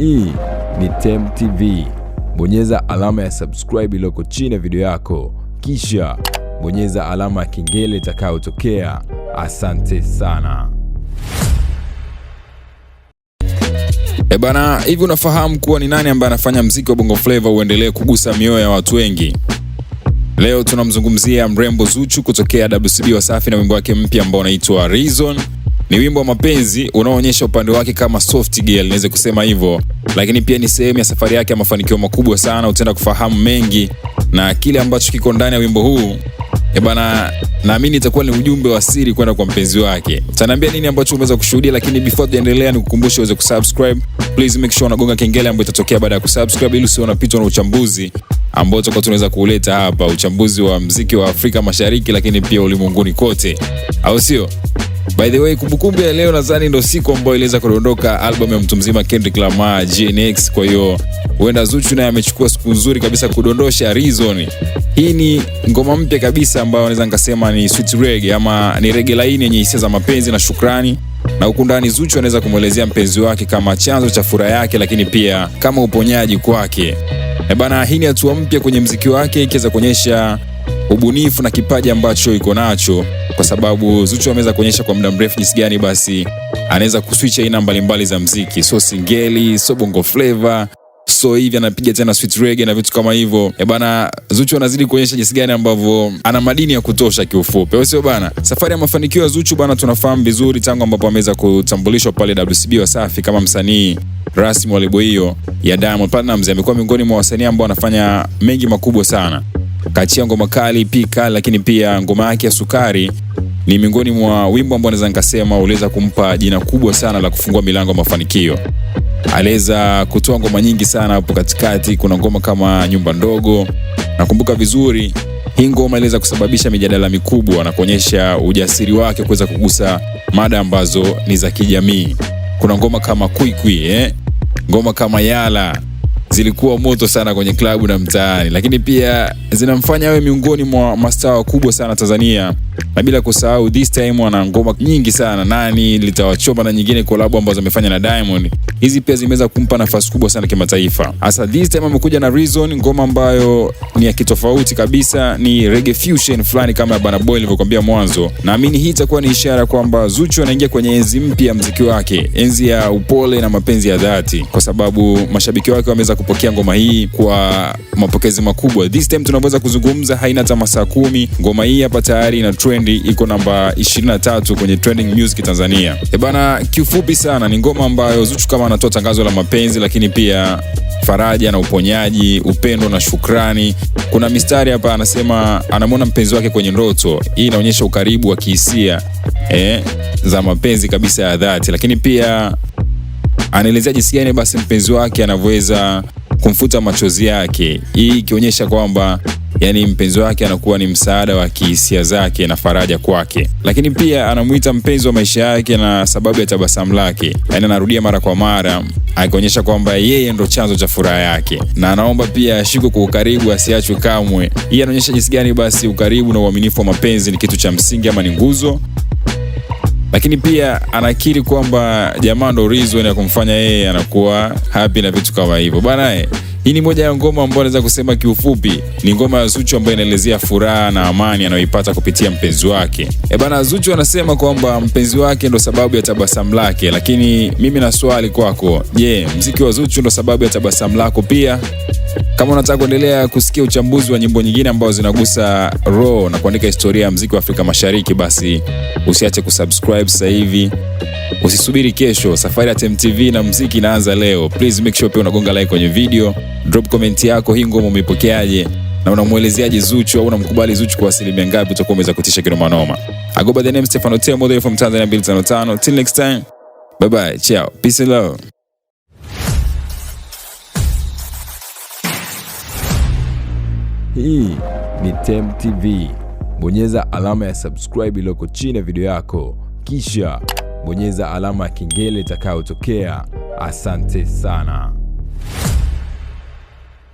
Hii ni Temu TV. Bonyeza alama ya subscribe iliyoko chini ya video yako, kisha bonyeza alama ya kengele itakayotokea. Asante sana. E bana, hivi unafahamu kuwa ni nani ambaye anafanya mziki wa Bongo Flava uendelee kugusa mioyo ya watu wengi? Leo tunamzungumzia mrembo Zuchu kutokea WCB Wasafi na wimbo wake mpya ambao unaitwa Reason ni wimbo wa mapenzi unaoonyesha upande wake kama soft girl, niweze kusema hivyo, lakini pia ni sehemu ya safari yake ya mafanikio makubwa sana. Utaenda kufahamu mengi na kile ambacho kiko ndani ya wimbo huu e bana, naamini itakuwa ni ujumbe wa siri kwenda kwa mpenzi wake. Utaniambia nini ambacho umeweza kushuhudia, lakini before tuendelea, nikukumbushe uweze kusubscribe. Please make sure unagonga kengele ambayo itatokea baada ya kusubscribe, ili usiwe unapitwa na uchambuzi ambao tutakuwa tunaweza kuleta hapa, uchambuzi wa mziki wa Afrika Mashariki, lakini pia ulimwenguni kote, au sio? By the way, kumbukumbu ya leo nadhani ndo siku ambayo iliweza kudondoka album ya mtu mzima Kendrick Lamar GNX. Kwa hiyo huenda Zuchu naye amechukua siku nzuri kabisa kudondosha Reason. Hii ni ngoma mpya kabisa ambayo naweza nikasema ni sweet reggae ama ni reggae laini yenye hisia za mapenzi na shukrani na huku ndani Zuchu anaweza kumwelezea mpenzi wake kama chanzo cha furaha yake, lakini pia kama uponyaji kwake. E bana, hii ni hatua mpya kwenye mziki wake ikiweza kuonyesha ubunifu na kipaji ambacho iko nacho kwa sababu Zuchu ameweza kuonyesha kwa muda mrefu jinsi gani basi anaweza kuswitch aina mbalimbali za mziki, so singeli, so bongo flava so hivi anapiga tena sweet reggae na vitu kama hivyo. E bana, Zuchu anazidi kuonyesha jinsi gani ambavyo ana madini ya kutosha kiufupi, au sio bana? Safari ya mafanikio ya Zuchu bana, tunafahamu vizuri tangu ambapo ameweza kutambulishwa pale WCB Wasafi kama msanii rasmi wa lebo hiyo ya Diamond Platnumz. Amekuwa miongoni mwa wasanii ambao wanafanya mengi makubwa sana Kachia ngoma kali pika, lakini pia ngoma yake ya Sukari ni miongoni mwa wimbo ambao naweza nikasema uliweza kumpa jina kubwa sana la kufungua milango ya mafanikio. Aliweza kutoa ngoma nyingi sana hapo katikati, kuna ngoma kama Nyumba Ndogo. Nakumbuka vizuri hii ngoma iliweza kusababisha mijadala mikubwa na kuonyesha ujasiri wake kuweza kugusa mada ambazo ni za kijamii. Kuna ngoma kama Kwikwi, eh? ngoma kama Yala zilikuwa moto sana kwenye klabu na mtaani, lakini pia zinamfanya awe miongoni mwa mastaa wakubwa sana Tanzania na bila kusahau this time wana ngoma nyingi sana, nani litawachoma na nyingine collab ambazo amefanya na Diamond. Hizi pia zimeweza kumpa nafasi kubwa sana kimataifa. Hasa this time amekuja na Reason, ngoma ambayo ni ya kitofauti kabisa, ni reggae fusion fulani kama Bana Boy nilivyokuambia mwanzo. Naamini hii itakuwa ni ishara kwamba Zuchu anaingia kwenye enzi mpya ya wake, enzi ya upole na mapenzi ya dhati, kwa sababu mashabiki wake wameweza kupokea ngoma hii kwa mapokezi makubwa. This time tunaweza kuzungumza, haina hata masaa kumi. Ngoma hii hapa tayari ina trend Burundi iko namba 23 kwenye trending music Tanzania. E bana, kiufupi sana ni ngoma ambayo Zuchu kama anatoa tangazo la mapenzi, lakini pia faraja na uponyaji, upendo na shukrani. Kuna mistari hapa anasema anamwona mpenzi wake kwenye ndoto. Hii inaonyesha ukaribu wa kihisia eh, za mapenzi kabisa ya dhati, lakini pia anaelezea jinsi gani basi mpenzi wake anavyoweza kumfuta machozi yake, hii ikionyesha kwamba yaani mpenzi wake anakuwa ni msaada wa kihisia zake na faraja kwake, lakini pia anamwita mpenzi wa maisha yake na sababu ya tabasamu lake, yaani anarudia mara kwa mara akionyesha kwamba yeye ndo chanzo cha furaha yake, na anaomba pia ashikwe kwa ukaribu, asiachwe kamwe. Hii anaonyesha jinsi gani basi ukaribu na uaminifu wa mapenzi ni kitu cha msingi ama ni nguzo lakini pia anakiri kwamba jamaa ndo reason ya kumfanya yeye anakuwa hapi na vitu kama hivyo bana. Hii ni moja ya ngoma ambayo naweza kusema kiufupi ni ngoma ya Zuchu ambayo inaelezea furaha na amani anayoipata kupitia mpenzi wake. E bana, Zuchu anasema kwamba mpenzi wake ndo sababu ya tabasamu lake, lakini mimi na swali kwako, je, yeah, mziki wa Zuchu ndo sababu ya tabasamu lako pia? Kama unataka kuendelea kusikia uchambuzi wa nyimbo nyingine ambazo zinagusa roho na kuandika historia ya mziki wa Afrika Mashariki, basi usiache kusubscribe sasa hivi. Usisubiri kesho, safari ya tmtv na mziki inaanza leo. Please make sure pia unagonga like kwenye video, drop comment yako, hii ngoma umeipokeaje na unamwelezeaje Zuchu au unamkubali Zuchu kwa asilimia ngapi? Utakuwa umeweza kutisha kinoma noma. I the name Stefano Temo, model from Tanzania 255. Till next time, bye bye, ciao, peace and love. Hii ni tv Bonyeza alama ya subscribe iliyoko chini ya video yako, kisha bonyeza alama ya kengele itakayotokea. Asante sana.